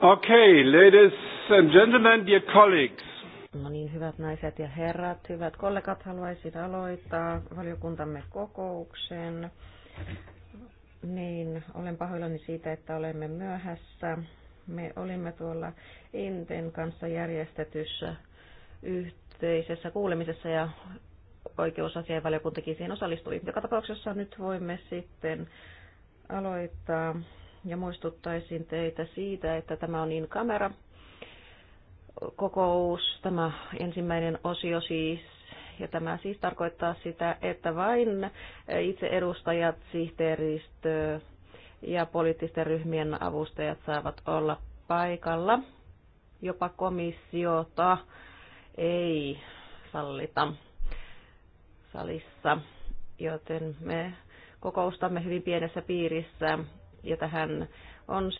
Okay, ladies and gentlemen, dear colleagues. No niin, hyvät naiset ja herrat, hyvät kollegat, haluaisin aloittaa valiokuntamme kokouksen. Niin, olen pahoillani siitä, että olemme myöhässä. Me olimme tuolla Inten kanssa järjestetyssä yhteisessä kuulemisessa ja oikeusasianvaliokuntakin siihen osallistui. Joka tapauksessa nyt voimme sitten aloittaa ja muistuttaisin teitä siitä, että tämä on in kamera kokous, tämä ensimmäinen osio siis, ja tämä siis tarkoittaa sitä, että vain itse edustajat, sihteeristö ja poliittisten ryhmien avustajat saavat olla paikalla. Jopa komissiota ei sallita salissa, joten me kokoustamme hyvin pienessä piirissä ja tähän on